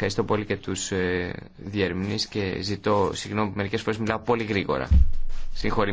Ευχαριστώ πολύ και τους ε, διερμηνείς και ζητώ συγγνώμη που μερικές φορές μιλάω πολύ γρήγορα. Συγχωρή